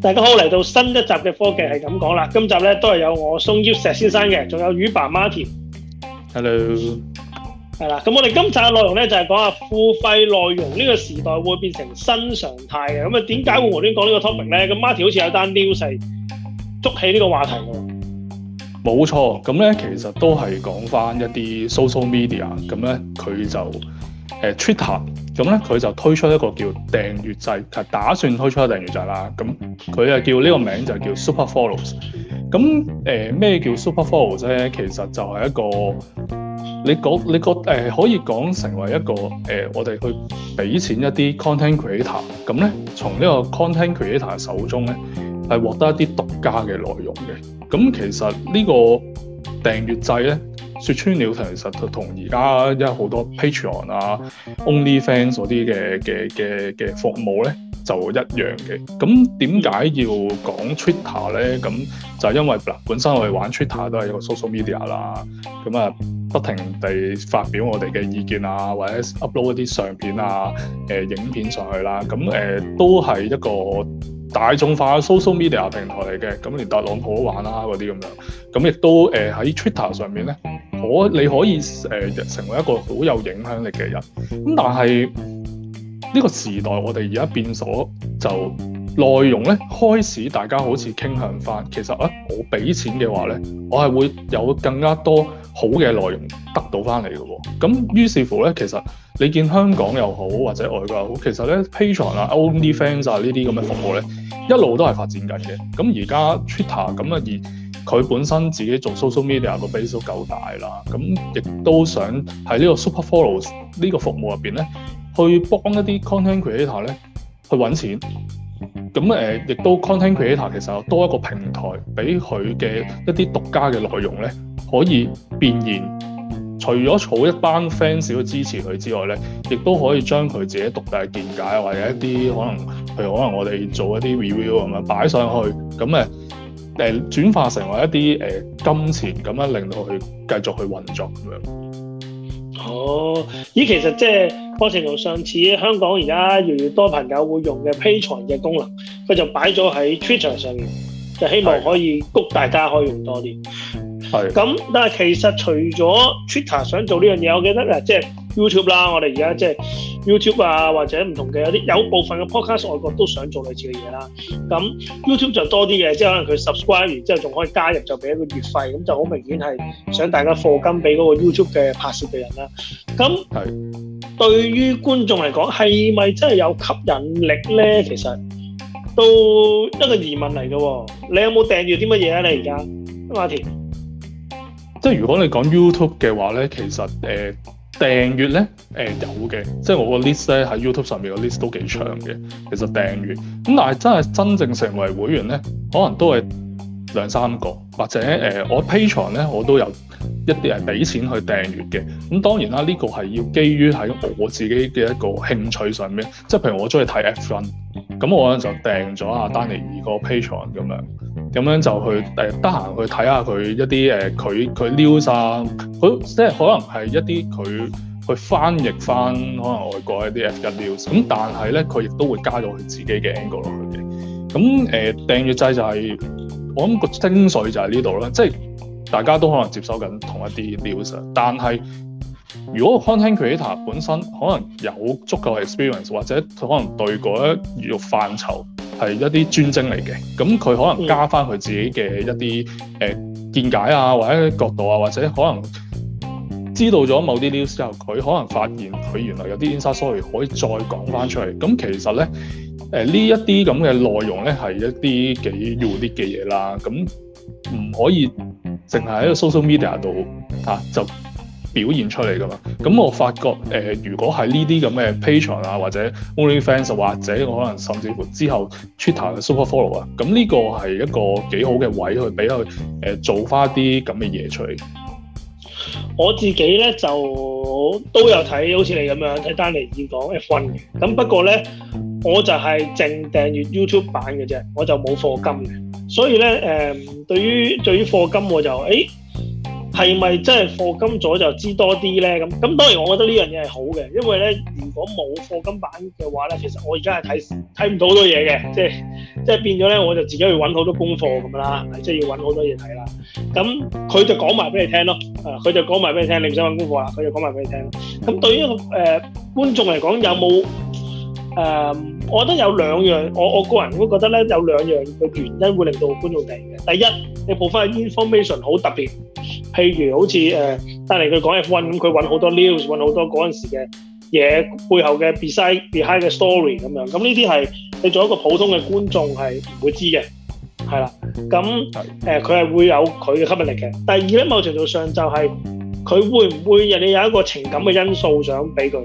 大家好，嚟到新一集嘅科技係敢講啦。今集咧都係有我 Stone Ip 石先生嘅，仲有魚爸 Martin。Hello，係啦。咁我哋今集嘅內容咧就係、是、講下付費內容呢個時代會變成新常態嘅。咁啊，點解會無端端講呢個 topic 咧？咁 Martin 好似有單 news 捉起呢個話題嘅。冇錯，咁咧其實都係講翻一啲 social media，咁咧佢就誒 Twitter。呃咁咧，佢就推出一個叫訂閱制，佢打算推出一個訂閱制啦。咁佢啊叫呢個名就叫 Super Follows。咁誒咩叫 Super Follows 咧？其實就係一個你講你覺誒、呃、可以講成為一個誒、呃、我哋去俾錢一啲 content creator。咁咧，從呢個 content creator 嘅手中咧係獲得一啲獨家嘅內容嘅。咁其實呢個訂閱制咧。說穿了，其實同而家一好多 Patreon 啊、OnlyFans 嗰啲嘅嘅嘅嘅服務咧就一樣嘅。咁點解要講 Twitter 咧？咁就係因為嗱，本身我哋玩 Twitter 都係一個 social media 啦。咁啊，不停地發表我哋嘅意見啊，或者 upload 一啲相片啊、誒影片上去啦。咁誒都係一個。大眾化嘅 social media 平台嚟嘅，咁連特朗普都玩啦，嗰啲咁樣，亦都喺、呃、Twitter 上面你可以、呃、成為一個好有影響力嘅人。但係呢、這個時代我們現在，我哋而家變咗就內容開開始大家好似傾向其實、呃、我俾錢嘅話呢，我係會有更加多。好嘅內容得到翻嚟嘅喎，咁於是乎呢，其實你見香港又好或者外國又好，其實呢，Patreon 啊、OnlyFans 啊呢啲咁嘅服務呢，一路都係發展緊嘅。咁而家 Twitter 而佢本身自己做 social media 個 base 都夠大啦，咁亦都想喺呢個 super follows 呢個服務入面呢，去幫一啲 content creator 呢去揾錢。咁亦、呃、都 content creator 其實有多一個平台俾佢嘅一啲獨家嘅內容呢，可以變現，除咗儲一班 fans 去支持佢之外咧，亦都可以將佢自己獨大嘅見解或者一啲可能，譬如可能我哋做一啲 review 咁樣擺上去，咁誒誒轉化成為一啲誒金錢，咁樣令到佢繼續去運作咁樣。哦，咦，其實即係我承認，上次香港而家越嚟越多朋友會用嘅 Patreon 嘅功能，佢就擺咗喺 Twitter 上面，就希望可以谷大家可以用多啲。係咁，但係其實除咗 Twitter 想做呢樣嘢，我記得咧，即係 YouTube 啦，我哋而家即係 YouTube 啊，或者唔同嘅有啲有部分嘅 podcast，外國都想做類似嘅嘢啦。咁 YouTube 就多啲嘅，即係可能佢 subscribe 完之後仲可以加入，就俾一個月費，咁就好明顯係想大家課金俾嗰個 YouTube 嘅拍攝嘅人啦。咁對於觀眾嚟講，係咪真係有吸引力咧？其實都一個疑問嚟嘅喎。你有冇訂閱啲乜嘢啊？你而家阿田？即係如果你講 YouTube 嘅話呢，其實誒、呃、訂閱呢、呃、有嘅，即係我個 list 在喺 YouTube 上面個 list 都幾長嘅。其實訂閱，但係真係真正成為會員呢，可能都係兩三個或者、呃、我我 Patreon 呢，我都有。一啲係俾錢去訂閲嘅，咁當然啦，呢、呢個係要基於喺我自己嘅一個興趣上面，即係譬如我中意睇 F1，咁我咧就訂咗阿丹尼爾個 Patreon 咁樣，咁樣就去誒得閒去睇下佢一啲誒佢佢 news 啊，佢即係可能係一啲佢去翻譯返可能外國的一啲 F1 news，咁但係咧佢亦都會加咗佢自己嘅 angle 落去嘅，咁誒、呃、訂閲制就係、是、我諗個精髓就喺呢度啦，即係。大家都可能接收緊同一啲 news，但係如果 content creator 本身可能有足夠 experience，或者佢可能對嗰一業範疇係一啲專精嚟嘅，咁佢可能加翻佢自己嘅一啲誒見解啊，或者角度啊，或者可能知道咗某啲 news 之後，佢可能發現佢原來有啲 inside story 可以再講翻出嚟。咁其實咧，誒呢一啲咁嘅內容咧係一啲幾 unique 嘅嘢啦，咁唔可以。淨係喺個 social media 度嚇就表現出嚟噶嘛，咁我發覺誒、呃，如果係呢啲咁嘅 Patreon 啊，或者 only fans，或者我可能甚至乎之後 Twitter 嘅 Super Follow 啊，咁呢個係一個幾好嘅位去俾佢誒做翻啲咁嘅嘢出嚟。我自己咧就都有睇，好似你咁樣睇丹尼爾講 F1 嘅，咁不過咧。我就係淨訂閲 YouTube 版嘅啫，我就冇課金嘅。所以咧，誒、嗯，對於對於課金，我就，誒、欸，係咪真係課金咗就知多啲咧？咁咁當然我覺得呢樣嘢係好嘅，因為咧，如果冇課金版嘅話咧，其實我而家係睇睇唔到好多嘢嘅，即係即係變咗咧，我就自己去揾好多功課咁啦，即、就、係、是、要揾好多嘢睇啦。咁佢就講埋俾你聽咯，誒，佢就講埋俾你聽，你唔想揾功課啦，佢就講埋俾你聽。咁對於誒、呃、觀眾嚟講，有冇？誒，我覺得有兩樣，我我個人會覺得咧有兩樣嘅原因會令到觀眾嚟嘅。第一，你報翻 information 好特別，譬如好似誒帶嚟佢講 Fone 咁，佢揾好多 news，揾好多嗰陣時嘅嘢背後嘅 beside behind 嘅 story 咁樣，咁呢啲係你做一個普通嘅觀眾係唔會知嘅，係啦。咁誒，佢係會有佢嘅吸引力嘅。第二咧，某程度上就係佢會唔會人哋有一個情感嘅因素想俾佢。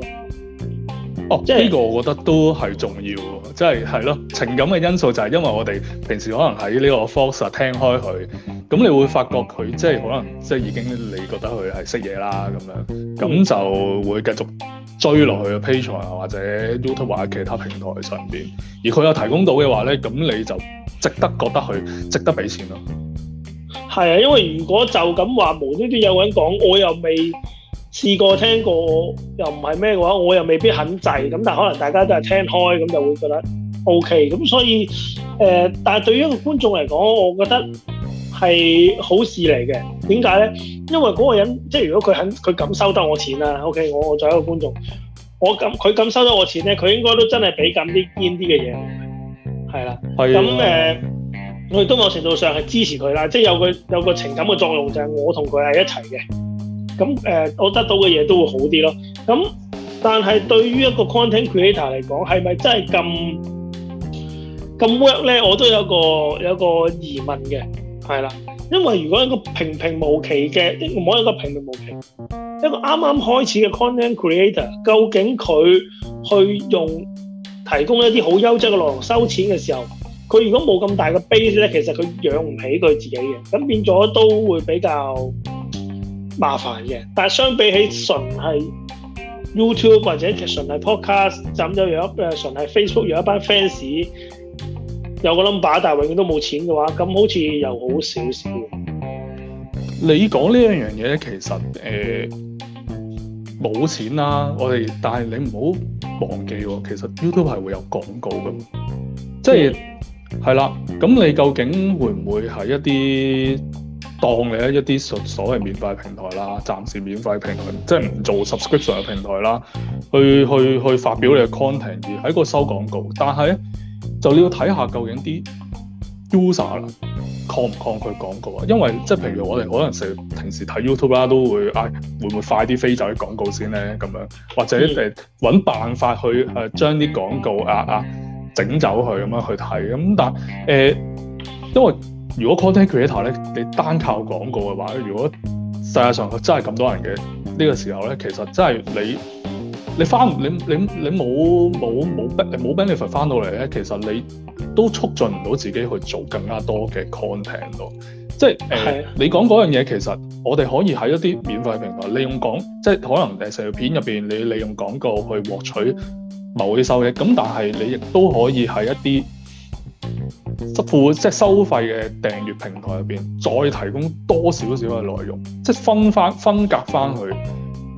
呢、哦，即係呢個，我覺得都係重要，即係係咯，情感嘅因素就係因為我哋平時可能喺呢個 Fox 啊聽開佢，咁你會發覺佢即係可能即係已經你覺得佢係識嘢啦咁樣，咁就會繼續追落去啊，Patreon 啊或者 YouTube 或者其他平台上邊，而佢有提供到嘅話呢，咁你就值得覺得佢值得俾錢咯。係啊，因為如果就咁話無端端有人講，我又未。試過聽過又唔係咩嘅話，我又未必肯制。咁，但係可能大家都係聽開咁，就會覺得 OK。咁所以誒、呃，但係對於一個觀眾嚟講，我覺得係好事嚟嘅。點解咧？因為嗰個人即係如果佢肯佢敢收得我錢啦，OK，我作為一個觀眾，我咁佢咁收得我錢咧，佢應該都真係俾緊啲堅啲嘅嘢，係啦。係咁誒，我哋、呃、都某程度上係支持佢啦，即係有個有個情感嘅作用，就係、係、我同佢係一齊嘅。咁誒、呃，我得到嘅嘢都會好啲咯。咁，但係對於一個 content creator 嚟講，係咪真係咁咁 work 咧？我都有個有個疑問嘅，係啦。因為如果一個平平無奇嘅唔好一個平平無奇，一個啱啱開始嘅 content creator，究竟佢去用提供一啲好優質嘅內容收錢嘅時候，佢如果冇咁大嘅 base 咧，其實佢養唔起佢自己嘅，咁變咗都會比較。麻煩嘅，但係相比起純係 YouTube 或者純係 Podcast，咁就有一純係 Facebook 有一班 fans 有個 number，但係永遠都冇錢嘅話，咁好似又好少少。你講呢樣嘢咧，其實誒冇、呃、錢啦。我哋但係你唔好忘記喎，其實 YouTube 係會有廣告㗎嘛，即係係、嗯、啦。咁你究竟會唔會係一啲？當你一啲所謂免費平台啦，暫時免費平台，即係唔做 subscription 嘅平台啦，去去去發表你嘅 content 而喺嗰收廣告，但係就要睇下究竟啲 user 抗唔抗拒廣告啊？因為即係譬如我哋可能成平時睇 YouTube 啦，都會啊、哎、會唔會快啲飛走啲廣告先咧咁樣，或者誒揾辦法去誒將啲廣告啊啊整走佢咁樣去睇咁，但誒、呃、因為。如果 content creator 你單靠廣告嘅話，如果世界上真係咁多人嘅呢、呢個時候呢，其實真係你你冇 benefit 翻到嚟，其實你都促進唔到自己去做更加多嘅 content 囉，即係、呃、的你講嗰樣嘢其實我哋可以喺一啲免費平台利用講，即係可能誒成條片入面，你利用廣告去獲取某啲收益。咁但係你亦都可以喺一啲。付即係收費嘅訂閱平台入邊，再提供多少少嘅內容，即係分翻分隔翻去。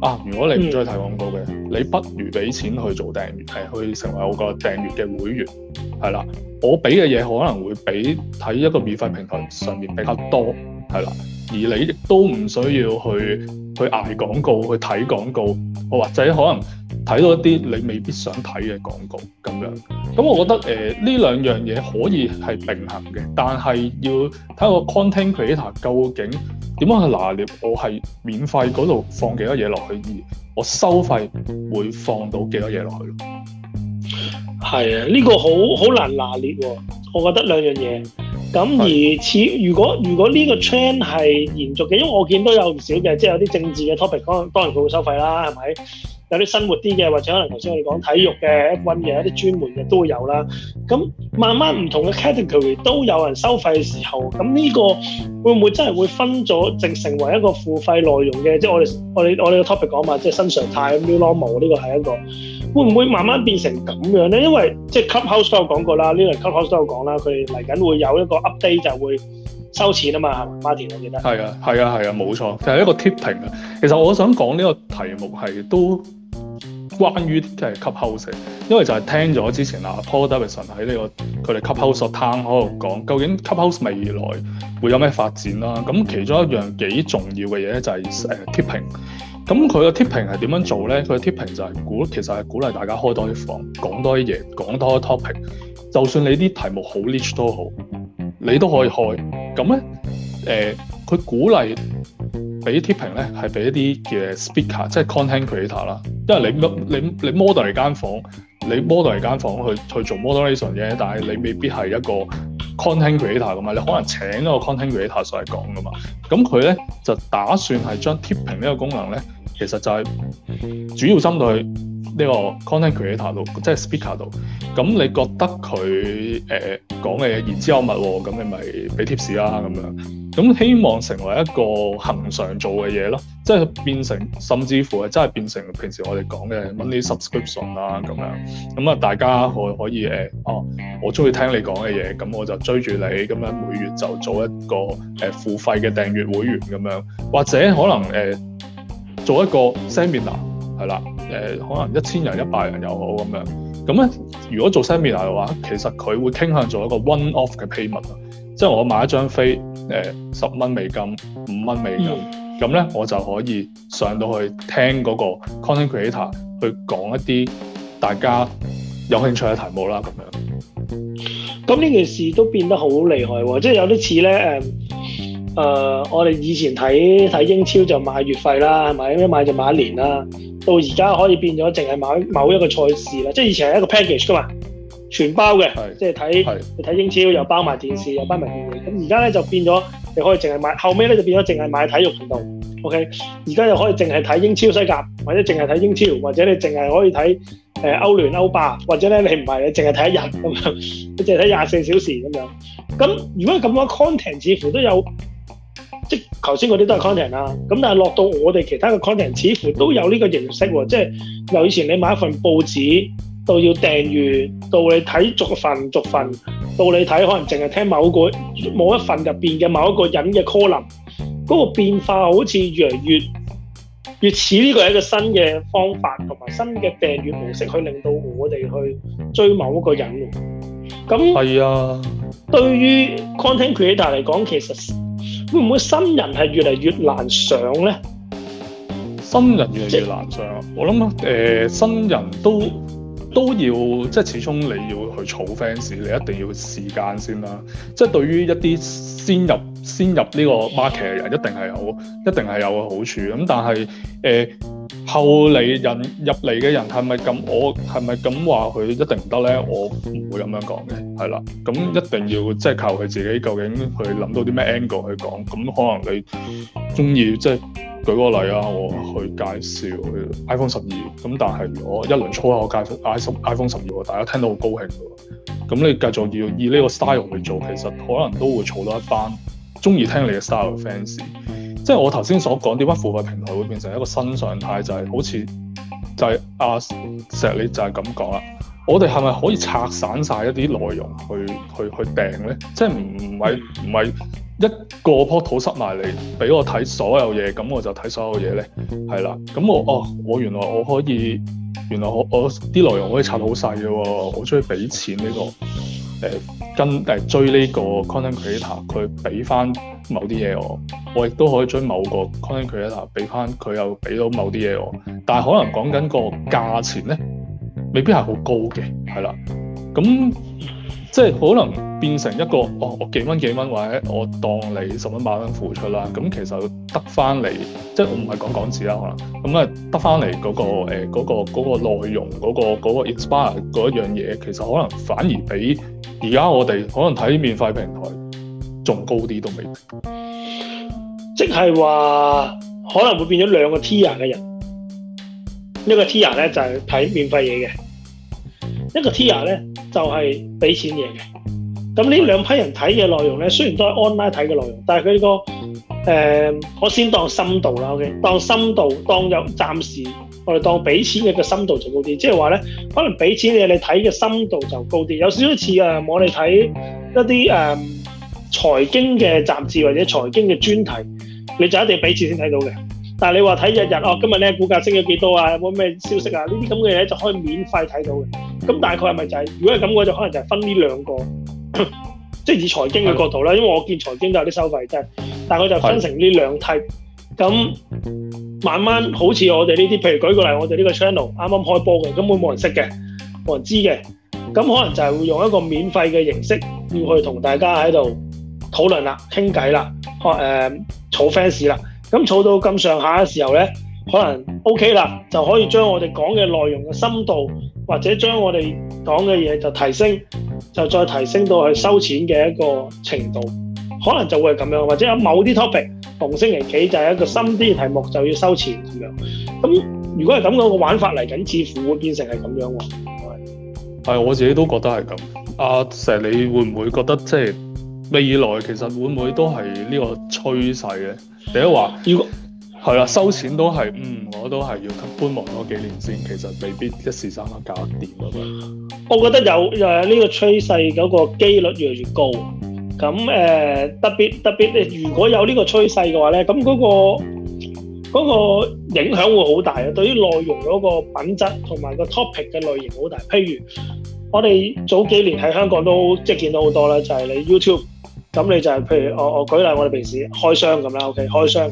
啊，如果你唔中意睇廣告嘅，嗯、你不如俾錢去做訂閱，係去成為我個訂閱嘅會員，係啦。我俾嘅嘢可能會比喺一個免費平台上面比較多。係啦，而你亦都唔需要去去挨廣告，去睇廣告，或或者可能睇到一啲你未必想睇嘅廣告咁樣。咁我覺得誒呢兩樣嘢可以係並行嘅，但係要睇個 content creator 究竟點樣去拿捏？我係免費嗰度放幾多嘢落去，而我收費會放到幾多嘢落去？係啊，呢個好好難拿捏喎。我覺得兩樣嘢。咁而似如果如果呢個 trend 係延續嘅，因為我見都有唔少嘅，即係有啲政治嘅 topic，當當然佢會收費啦，係咪？有啲生活啲嘅，或者可能頭先我哋講體育嘅、F1 嘅一啲專門嘅都有啦。咁慢慢唔同嘅 category 都有人收費嘅時候，咁呢個會唔會真係會分咗，成成為一個付費內容嘅？即係我哋我哋我哋個 topic 講話，即係新常態 New Normal 呢個係一個。會唔會慢慢變成咁樣咧？因為即係 cup house 都有講過啦，呢、這個 cup house 都有講啦，佢嚟緊會有一個 update 就會收錢啊嘛，Martin 我記得。係啊，係啊，係啊，冇錯，就係一個 tipping 啊。其實我想講呢個題目係都關於即係 cup house 嘅，因為就係聽咗之前啊 Paul Davidson 喺呢、這個佢哋 cup house town hall 嗰度講，究竟 cup house 未來會有咩發展啦、啊？咁其中一樣幾重要嘅嘢就係誒 tipping。呃咁佢嘅 tipping 係點樣做咧？佢嘅 tipping 就係、是、鼓，其實係鼓勵大家開多啲房，講多啲嘢，講多啲 topic。就算你啲題目好 niche 都好，你都可以開。咁咧，誒、呃，佢鼓勵俾 tipping 咧，係俾一啲嘅 speaker，即係 content creator 啦。因為你你你 model 嚟間房，你，你 model、er、嚟間房、er、房去去做 moderation 啫，但係你未必係一個。Content Creator 㗎嘛，你可能請一個 Content Creator 上嚟講㗎嘛，咁佢咧就打算係將 Tipping 呢個功能咧，其實就係主要針對呢個 Content Creator 度，即係 Speaker 度。咁你覺得佢誒、呃、講嘅言之有物喎，咁你咪俾 Tips 啦咁樣。咁希望成為一個恒常做嘅嘢咯，即係變成甚至乎係真係變成平時我哋講嘅 monthly subscription 啦。咁樣。咁啊，大家可以可以誒，哦，我中意聽你講嘅嘢，咁我就追住你，咁樣每月就做一個誒、呃、付費嘅訂閱會員咁樣，或者可能誒、呃、做一個 seminar 係啦，誒、呃、可能一千人、一百人又好咁樣。咁咧，如果做 seminar 嘅話，其實佢會傾向做一個 one-off 嘅 payment 啊。即係我買一張飛，誒，十蚊美金、五蚊美金，咁咧、嗯、我就可以上到去聽嗰個 content creator 去講一啲大家有興趣嘅題目啦，咁樣。咁呢件事都變得好厲害喎、哦，即係有啲似咧誒，誒、呃、我哋以前睇睇英超就買月費啦，係咪？一買就買一年啦，到而家可以變咗淨係買某一個賽事啦，即係以前係一個 package 㗎嘛。全包嘅，是即係睇睇英超又包埋電視，又包埋電影。咁而家咧就變咗，你可以淨係買。後尾咧就變咗，淨係買體育頻道。OK，而家就可以淨係睇英超西甲，或者淨係睇英超，或者你淨係可以睇誒、呃、歐聯、歐霸，或者咧你唔係你淨係睇一日咁樣，你淨係睇廿四小時咁樣。咁如果咁多 content 似乎都有，即係頭先嗰啲都係 content 啊。咁但係落到我哋其他嘅 content 似乎都有呢個形式喎，即係由以前你買一份報紙。到要訂閲，到你睇逐份逐份，到你睇可能淨係聽某個某一份入邊嘅某一個人嘅 callin，嗰個變化好似越嚟越越似呢個係一個新嘅方法同埋新嘅訂閲模式，去令到我哋去追某一個人。咁係啊，對於 content creator 嚟講，其實會唔會新人係越嚟越難上咧？新人越嚟越難上，就是、我諗誒、呃，新人都。都要即係始終你要去儲 fans，你一定要時間先啦。即係對於一啲先入先入呢個 market 嘅人，一定係好，一定係有個好處。咁但係誒。呃後嚟入入嚟嘅人係咪咁？我係咪咁話佢一定唔得咧？我唔會咁樣講嘅，係啦。咁一定要即係靠佢自己，究竟佢去諗到啲咩 angle 去講？咁可能你中意即係舉個例啊，我去介紹 iPhone 十二。咁但係如果一輪粗口我介紹 iPhone iPhone 十二，12，大家聽到好高興嘅喎。咁你繼續要以呢個 style 去做，其實可能都會儲到一班中意聽你嘅 style 嘅 fans。即係我頭先所講點解付費平台會變成一個新常態，就係好似就係阿石你就係咁講啦。我哋係咪可以拆散晒一啲內容去去去訂咧？即係唔係唔係一個坡土塞埋嚟俾我睇所有嘢，咁我就睇所有嘢咧？係啦，咁我哦，我原來我可以，原來我我啲內容可以拆好細嘅喎，好中意俾錢呢個。誒跟誒追呢個 content creator，佢俾翻某啲嘢我，我亦都可以追某個 content creator 俾翻佢又俾到某啲嘢我，但係可能講緊個價錢咧，未必係好高嘅，係啦，咁即係可能變成一個哦，我幾蚊幾蚊或者我當你十蚊八蚊付出啦，咁其實得翻嚟，即係我唔係講港紙啦，可能咁啊得翻嚟嗰個誒嗰個嗰個內容嗰個嗰個 inspire 嗰樣嘢，其實可能反而俾而家我哋可能睇免費平台仲高啲都未必，即係話可能會變咗兩個 tier 嘅人，一個 tier 咧就係睇免費嘢嘅，一個 tier 咧就係俾錢嘢嘅。咁呢兩批人睇嘅內容咧，雖然都係 online 睇嘅內容，是的 但係佢呢個誒、嗯呃，我先當深度啦，OK，當深度，當有暫時。我哋當俾錢嘅個深度就高啲，即係話咧，可能俾錢嘅你睇嘅深度就高啲，有少少似啊，我哋睇一啲誒財經嘅雜誌或者財經嘅專題，你就一定要俾錢先睇到嘅。但係你話睇日日哦，今日咧股價升咗幾多啊？有冇咩消息啊？呢啲咁嘅嘢就可以免費睇到嘅。咁大概係咪就係？如果係咁嘅，就可能就係分呢兩個，即係以財經嘅角度啦。的因為我見財經都有啲收費嘅，但係佢就分成呢兩梯。的咁慢慢好似我哋呢啲，譬如舉個例，我哋呢個 channel 啱啱開播嘅，根本冇人識嘅，冇人知嘅，咁可能就係會用一個免費嘅形式，要去同大家喺度討論啦、傾偈啦、誒、啊，湊 fans 啦。咁湊到咁上下嘅時候呢，可能 OK 啦，就可以將我哋講嘅內容嘅深度，或者將我哋講嘅嘢就提升，就再提升到去收錢嘅一個程度。可能就會咁樣，或者有某啲 topic，逢星期幾就係一個新啲嘅題目，就要收錢咁樣。咁如果係咁嘅個玩法嚟緊，似乎會變成係咁樣喎。係，我自己都覺得係咁。阿、啊、石，Sir，你會唔會覺得即係未來其實會唔會都係呢個趨勢咧？第一話，如果係啦，收錢都係，嗯，我都係要觀望咗幾年先，其實未必一時三刻搞掂。咁樣。我覺得有誒呢個趨勢嗰個機率越嚟越高。咁誒、呃、特別特別誒，如果有呢個趨勢嘅話咧，咁嗰、嗰個嗰個影響會好大啊！對於內容嗰個品質同埋個 topic 嘅類型好大。譬如我哋早幾年喺香港都即係見到好多啦，就係、是、你 YouTube 咁，你就係譬如我我舉例，我哋平時開箱咁啦，OK，開箱。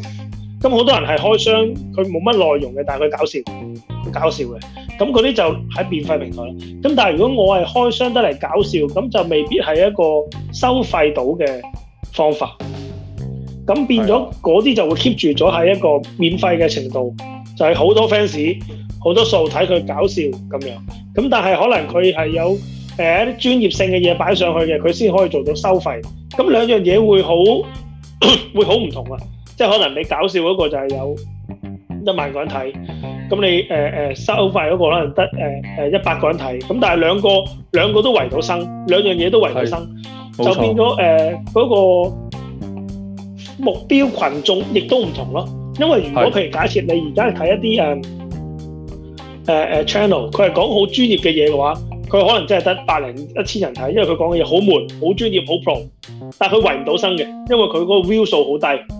咁好多人係開箱，佢冇乜內容嘅，但係佢搞笑，佢搞笑嘅。咁嗰啲就喺免費平台咯。咁但係如果我係開箱得嚟搞笑，咁就未必係一個收費到嘅方法。咁變咗嗰啲就會 keep 住咗喺一個免費嘅程度，就係好多 fans、好多數睇佢搞笑咁樣。咁但係可能佢係有誒一啲專業性嘅嘢擺上去嘅，佢先可以做到收費。咁兩樣嘢會好會好唔同呀！即係可能你搞笑嗰個就係有一萬個人睇。咁你誒誒收費嗰個可能得誒誒一百個人睇，咁但係兩個兩個都維到生，兩樣嘢都維到生，是就變咗誒嗰個目標群眾亦都唔同咯。因為如果譬如假設你而家睇一啲誒誒 channel，佢係講好專業嘅嘢嘅話，佢可能真係得百零一千人睇，因為佢講嘅嘢好悶、好專業、好 pro，但佢維唔到生嘅，因為佢個個 view 數好低。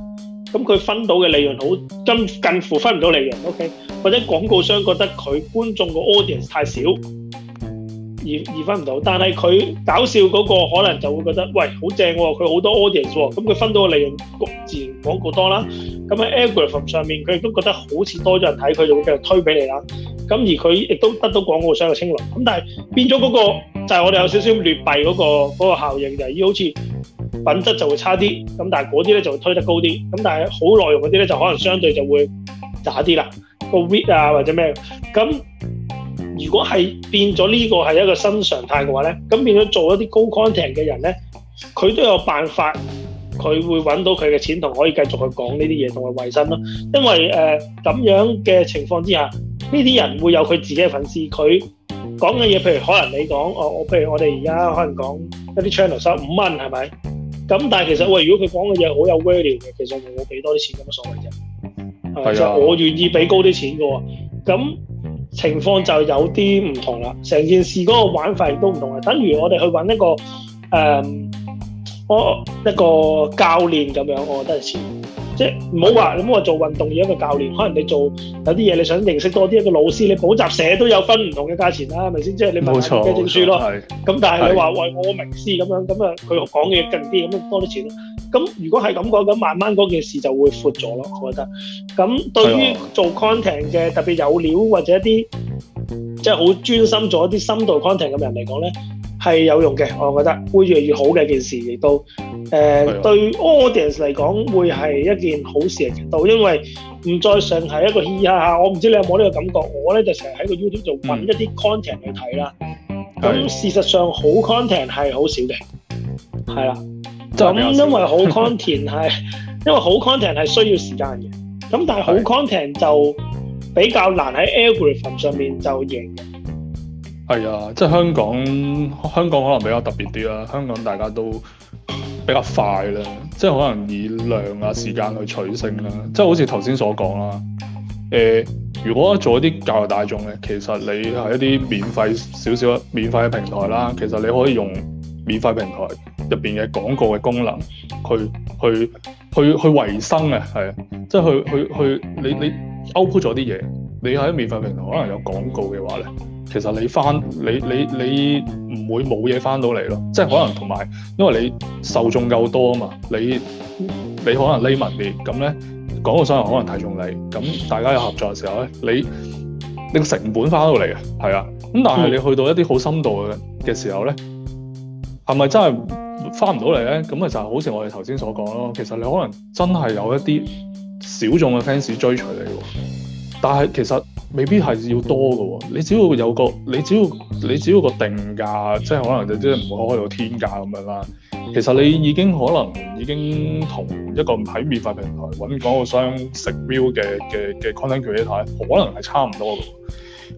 咁佢分到嘅利潤好，近近乎分唔到利潤 OK？或者廣告商覺得佢觀眾個 audience 太少，而而分唔到，但係佢搞笑嗰個可能就會覺得，喂，好正喎，佢好多 audience 喎，咁佢分到嘅利潤自然廣告多啦。咁喺 Algorithm 上面，佢亦都覺得好似多咗人睇，佢就會繼續推俾你啦。咁而佢亦都得到廣告商嘅青睞。咁但係變咗嗰個就係我哋有少少劣幣嗰個嗰個效應就係要好似。品質就會差啲，咁但係嗰啲咧就會推得高啲。咁但係好內容嗰啲咧就可能相對就會渣啲啦。個 wit 啊或者咩咁，如果係變咗呢個係一個新常態嘅話咧，咁變咗做一啲高 content 嘅人咧，佢都有辦法，佢會揾到佢嘅錢同可以繼續去講呢啲嘢同埋維生咯。因為誒咁、呃、樣嘅情況之下，呢啲人會有佢自己嘅粉絲，佢講嘅嘢，譬如可能你講哦，我譬如我哋而家可能講一啲 channel 收五蚊係咪？是不是？咁但係其實喂，如果佢講嘅嘢好有 value 嘅，其實我俾多啲錢有乜所謂啫？係啊的，我願意俾高啲錢嘅喎。咁情況就有啲唔同啦，成件事嗰個玩法亦都唔同啦。等於我哋去搵一個誒，我、嗯、一個教練咁樣，我覺得係錢。即係唔好話，咁我的做運動嘅一個教練，可能你做有啲嘢，你想認識多啲一,一個老師，你補習社都有分唔同嘅價錢啦，係咪先？即係你冇錯嘅證書咯。咁錯但係你話錯喂，的說喂我，我名師咁樣咁啊，佢講嘅嘢勁啲，咁啊多啲錢咯。咁如果係咁講，咁慢慢嗰件事就會闊咗咯，我覺得。咁對於做 content 嘅特別有料或者一啲即係好專心做一啲深度 content 嘅人嚟講咧，係有用嘅，我覺得會越嚟越好嘅一件事，亦都。誒、呃啊、對 Audience 嚟講，會係一件好事嘅程度，因為唔再上係一個 hea 吓吓，我唔知你有冇呢個感覺，我咧就成日喺個 YouTube 度揾一啲 content、嗯、去睇啦。咁、啊、事實上好，好 content 係好少嘅，係啦。咁因為好 content 係 因為好 content 係需要時間嘅，咁但係好 content 就比較難喺 Algorithm 上面就贏嘅。係啊，即係香港，香港可能比較特別啲啦。香港大家都。 比較快啦，即係可能以量啊時間去取勝啦，即係好似頭先所講啦。誒、呃，如果做一啲教育大眾嘅，其實你係一啲免費少少、免費嘅平台啦，其實你可以用免費平台入邊嘅廣告嘅功能去，去去去去維生嘅，係啊，即係去去去，你你 output 咗啲嘢，你喺免費平台可能有廣告嘅話咧。其實你翻你你你唔會冇嘢翻到嚟咯，即、就是、可能同埋，因為你受眾夠多嘛，你你可能 layman 啲，告商可能睇中你，大家有合作嘅時候呢，你你的成本翻到嚟嘅，係啊，但係你去到一啲好深度嘅時時候是係咪真係翻唔到嚟呢？咁、嗯、就好似我哋頭先所講咯，其實你可能真係有一啲小眾嘅粉 a 追隨你，但係其實。未必係要多嘅喎，你只要有個，你只要你只要個定價，即係可能就即係唔會開到天價咁樣啦。其實你已經可能已經同一個唔喺免費平台揾廣告商食 view 嘅嘅嘅 content creator，可能係差唔多嘅。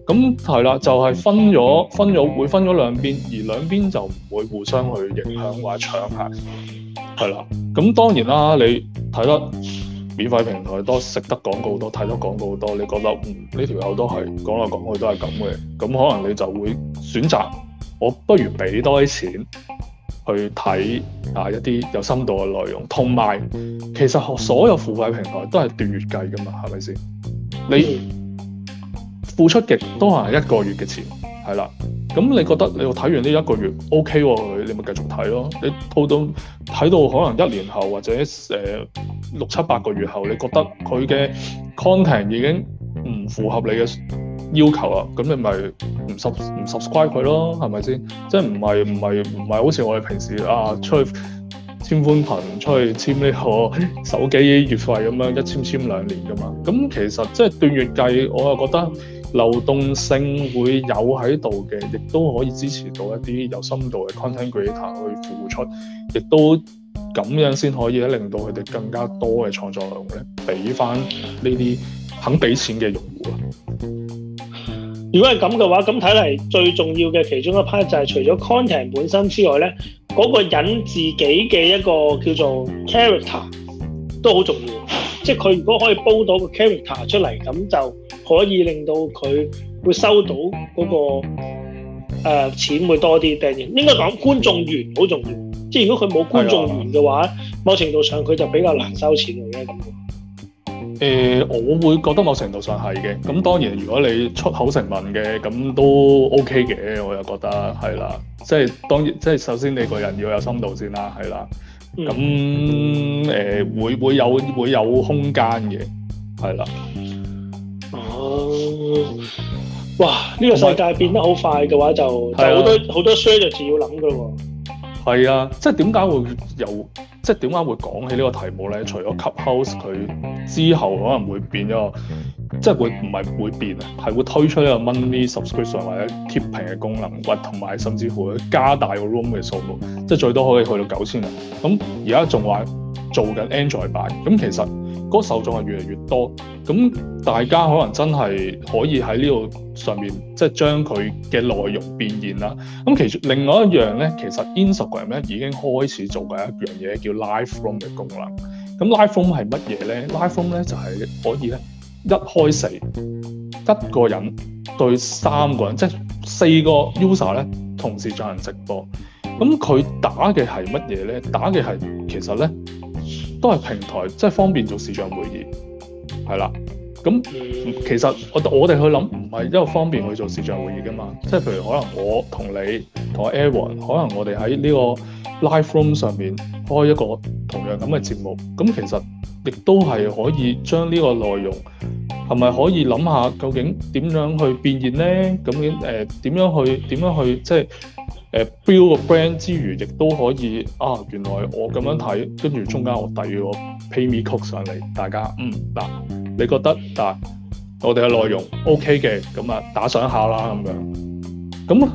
咁係啦，就係、係、分咗分咗會分咗兩邊，而兩邊就唔會互相去影響或者搶客，係啦。咁當然啦，你睇得。免費平台多，食得廣告多，睇到廣告多，你覺得，嗯，呢條友都係講來講去都係咁嘅。咁可能你就會選擇我不如畀多啲錢去睇一啲有深度嘅內容，同埋其實所有付費平台都係按月計㗎嘛，係咪先？你付出嘅都係一個月嘅錢，係啦。咁你覺得你睇完呢一個月 OK 喎，你咪繼續睇咯。你鋪到睇到可能一年後或者誒六七八個月後，你覺得佢嘅 content 已經唔符合你嘅要求啦，咁你咪唔 sub 唔 subscribe 佢咯，係咪先？即係唔係唔係唔係好似我哋平時啊出去簽寬頻、出去簽呢個手機月費咁樣一簽簽兩年噶嘛？咁其實即係、就是、段月計，我又覺得。流動性會有喺度嘅，亦都可以支持到一啲有深度嘅 content creator 去付出，亦都咁樣先可以令到佢哋更加多嘅創作量咧，俾翻呢啲肯俾錢嘅用戶啊。如果係咁嘅話，咁睇嚟最重要嘅其中一 part 就係除咗 content 本身之外咧，嗰個人自己嘅一個叫做 character 都好重要。即係佢如果可以煲到個 character 出嚟，咁就可以令到佢會收到嗰、那個誒、呃、錢會多啲定應該講觀眾緣好重要。即係如果佢冇觀眾緣嘅話，的某程度上佢就比較難收錢嘅。誒、欸，我會覺得某程度上係嘅。咁當然，如果你出口成文嘅，咁都 OK 嘅。我又覺得係啦。即係當然，即係首先你個人要有深度先啦。係啦。咁誒會會有會有空間嘅，係啦。哦，哇！呢個世界變得好快嘅話就，就好多好多 strategy 要諗嘅咯。係啊，即係點解會有？即係點解會講起呢個題目咧？除咗 Clubhouse 佢之後，可能會變咗。即係會唔係會變啊？係會推出一個 money subscription 或者貼平嘅功能，同埋甚至乎加大個 room 嘅數目，即係最多可以去到九千人。咁而家仲話做緊 Android 版，咁其實個受眾係越嚟越多。咁大家可能真係可以喺呢度上面，即係將佢嘅內容變現啦。咁其實另外一樣咧，其實 Instagram 咧已經開始做緊一樣嘢叫 Live Room 嘅功能。咁 Live Room 係乜嘢咧？Live Room 咧就係可以咧。一開四，一個人對三個人，即係四個 user 咧，同時進行直播。咁佢打嘅係乜嘢咧？打嘅係其實咧都係平台，即係方便做視像會議，係啦。咁其實我我哋去諗唔係因為方便去做視像會議噶嘛，即係譬如可能我同你同阿 Aaron，可能我哋喺呢個 live room 上面開一個同樣咁嘅節目，咁其實，亦都係可以將呢個內容係咪可以諗下究竟點樣去變現咧？咁樣誒點樣去點樣去即係誒 build 個 brand 之餘，亦都可以啊！原來我咁樣睇，跟住中間我遞個 pay me cook 上嚟，大家嗯嗱、啊，你覺得嗱、啊、我哋嘅內容 OK 嘅，咁啊打賞一下啦咁樣。咁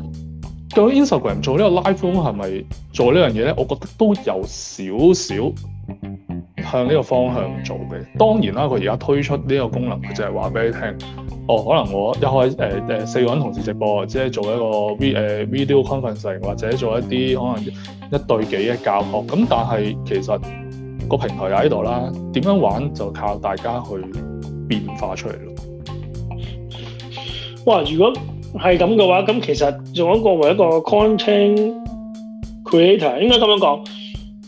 究竟 Instagram 做呢個 live 係咪做呢樣嘢咧？我覺得都有少少。向呢個方向做嘅，當然啦，佢而家推出呢個功能，佢就係話俾你聽，哦，可能我一開誒誒、呃、四個人同時直播，即係做一個 V 誒、呃、video conferencing，或者做一啲可能一對幾嘅教學。咁但係其實個平台又喺度啦，點樣玩就靠大家去變化出嚟咯。哇！如果係咁嘅話，咁其實用一個為一個 content creator 應該咁樣講。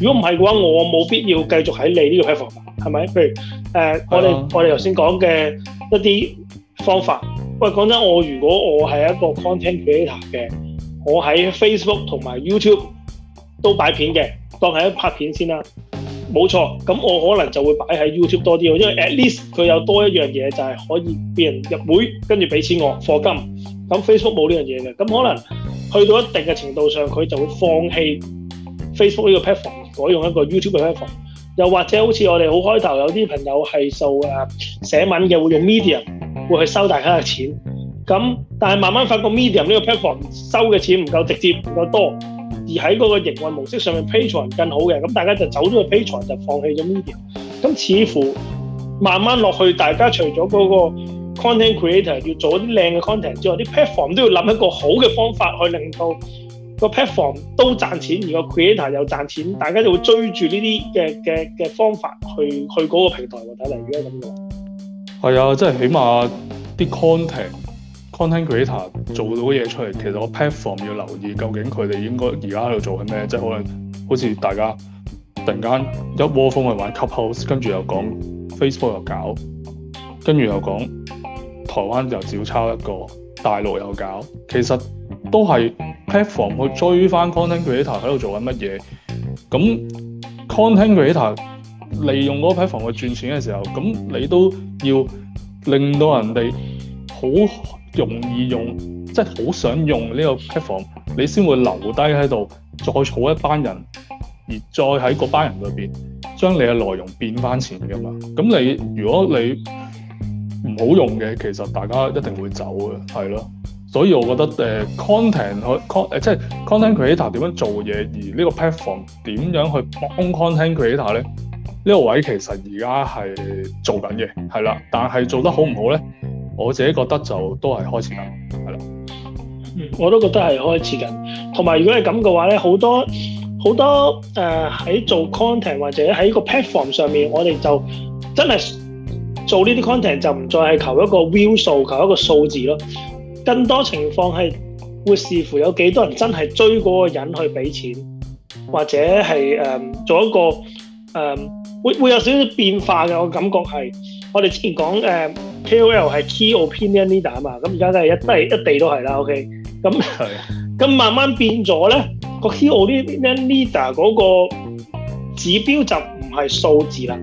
如果唔係嘅話，我冇必要繼續喺你呢個 platform，係咪？譬如、呃、的我哋我哋頭先講嘅一啲方法。喂，講真，我如果我係一個 content creator 嘅，我喺 Facebook 同埋 YouTube 都擺片嘅，當係一拍片先啦。冇錯，咁我可能就會擺喺 YouTube 多啲，因為 at least 佢有多一樣嘢，就係可以俾人入會，跟住俾錢我課金。咁 Facebook 冇呢樣嘢嘅，咁可能去到一定嘅程度上，佢就會放棄。Facebook 呢個 platform 改用一個 YouTube 嘅 platform，又或者好似我哋好開頭有啲朋友係做的寫文嘅，會用 Medium，會去收大家嘅錢。咁但係慢慢發覺 Medium 呢個 platform 收嘅錢唔夠直接，唔夠多，而喺嗰個營運模式上面，Patreon 更好嘅，咁大家就走咗去 Patreon，就放棄咗 Medium。咁似乎慢慢落去，大家除咗嗰個 content creator 要做啲靚嘅 content 之外，啲 platform 都要諗一個好嘅方法去令到。個 platform 都賺錢，而個 creator 又賺錢，大家就會追住呢啲嘅嘅嘅方法去去嗰個平台喎。如果係咁嘅話，係啊，即係起碼啲 content，content creator 做到嘅嘢出嚟，其實個 platform 要留意究竟佢哋應該而家喺度做緊咩？即係可能好似大家突然間一窩蜂去玩 Clubhouse，跟住又講 Facebook 又搞，跟住又講台灣又照抄一個。大陸又搞，其實都係 Platform 去追翻 Content Creator 喺度做緊乜嘢？咁 Content Creator 利用嗰個 Platform 去賺錢嘅時候，咁你都要令到人哋好容易用，即係好想用呢個 Platform，你先會留低喺度，再儲一班人，而再喺嗰班人裏面將你嘅內容變翻錢㗎嘛？咁你如果你唔好用嘅，其實大家一定會走嘅，係咯。所以我覺得誒、呃、content 去、呃、con 即係 content creator 點樣做嘢，而呢個 platform 點樣去幫 content creator 咧？呢、這個位其實而家係做緊嘅，係啦。但係做得好唔好咧？我自己覺得就都係開始緊，係啦。嗯，我都覺得係開始緊。同埋如果你係咁嘅話咧，好多好多誒喺、呃、做 content 或者喺個 platform 上面，我哋就真係。做呢啲 content 就唔再係求一個 view 數，求一個數字咯。更多情況係會視乎有幾多人真係追嗰個人去俾錢，或者係誒、呃、做一個誒、呃、會會有少少變化嘅。我感覺係我哋之前講誒、呃、KOL 係 key opinion leader 啊嘛，咁而家都係一都係一地都係啦。OK，咁咁慢慢變咗咧，個 key opinion leader 嗰個指標就唔係數字啦。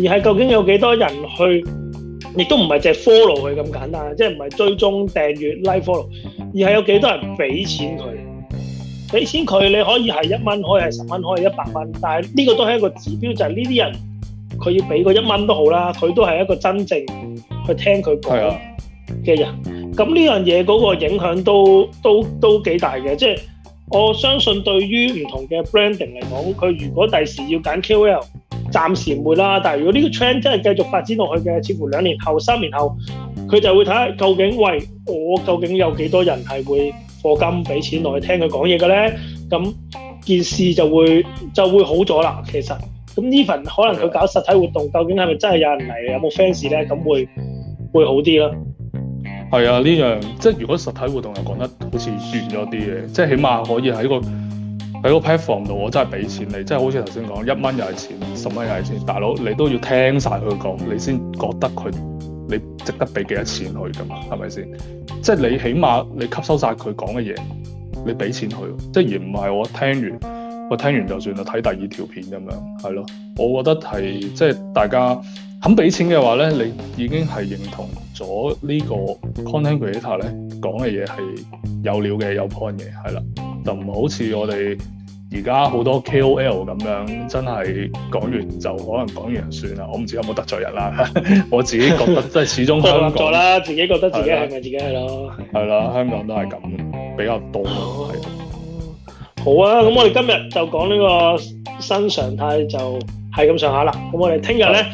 而係究竟有幾多人去，亦都唔係淨係 follow 佢咁簡單，即係唔係追蹤訂閱 like follow，而係有幾多人俾錢佢，俾錢佢你可以係一蚊，可以係十蚊，可以係一百蚊，但係呢個都係一個指標，就係呢啲人佢要俾個一蚊都好啦，佢都係一個真正去聽佢講嘅人。咁呢樣嘢嗰個影響都都都幾大嘅，即係我相信對於唔同嘅 branding 嚟講，佢如果第時要揀 KOL。暫時唔會啦，但係如果呢個 trend 真係繼續發展落去嘅，似乎兩年後、三年後，佢就會睇下究竟，喂，我究竟有幾多人係會課金俾錢落去聽佢講嘢嘅咧？咁件事就會就會好咗啦。其實，咁呢份可能佢搞實體活動，的究竟係咪真係有人嚟？有冇 fans 呢？咁會會好啲咯。係啊，呢樣即係如果實體活動又講得好似遠咗啲嘅，即係起碼可以喺個。喺個 platform 度，我真係俾錢你，即係好似頭先講，一蚊又係錢，十蚊又係錢。大佬你都要聽晒佢講，你先覺得佢你值得俾幾多錢佢㗎嘛？係咪先？即係你起碼你吸收晒佢講嘅嘢，你俾錢佢，即係而唔係我聽完，我聽完就算啦，睇第二條片咁樣，係咯。我覺得係即係大家肯俾錢嘅話呢，你已經係認同咗呢個 content creator 呢，講嘅嘢係有料嘅、有 point 嘅，係啦。就唔好似我哋而家好多 KOL 咁樣，真係講完就可能講完就算啦。我唔知有冇得罪人啦。 我自己覺得即係 始終香港作啦，自己覺得自己係咪自己係咯？係啦，香港都係咁比較多。好啊！咁我哋今日就講呢個新常態就，就係咁上下啦。咁我哋聽日咧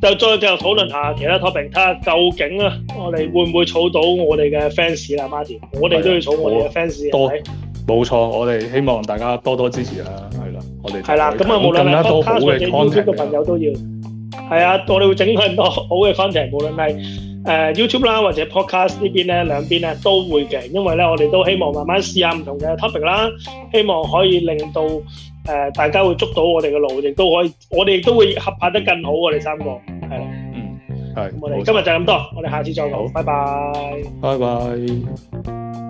就再繼續討論下其他 topic，睇下究竟啊，我哋會唔會儲到我哋嘅 fans 啦 Martin 我哋都要儲我哋嘅 fans。冇錯，我哋希望大家多多支持啊，係啦，我哋係啦，咁啊，無論係多好嘅 YouTube 嘅朋友都要，係啊麼，我哋會整更多好嘅 content，無論係誒 YouTube 啦，或者 podcast 呢邊咧，兩邊咧都會嘅，因為咧我哋都希望慢慢試下唔同嘅 topic 啦，希望可以令到誒、呃、大家會捉到我哋嘅路，亦都可以，我哋亦都會合拍得更好，我哋三個係啦，嗯，係，我哋錯今日就咁多，我哋下次再講，拜拜，拜拜。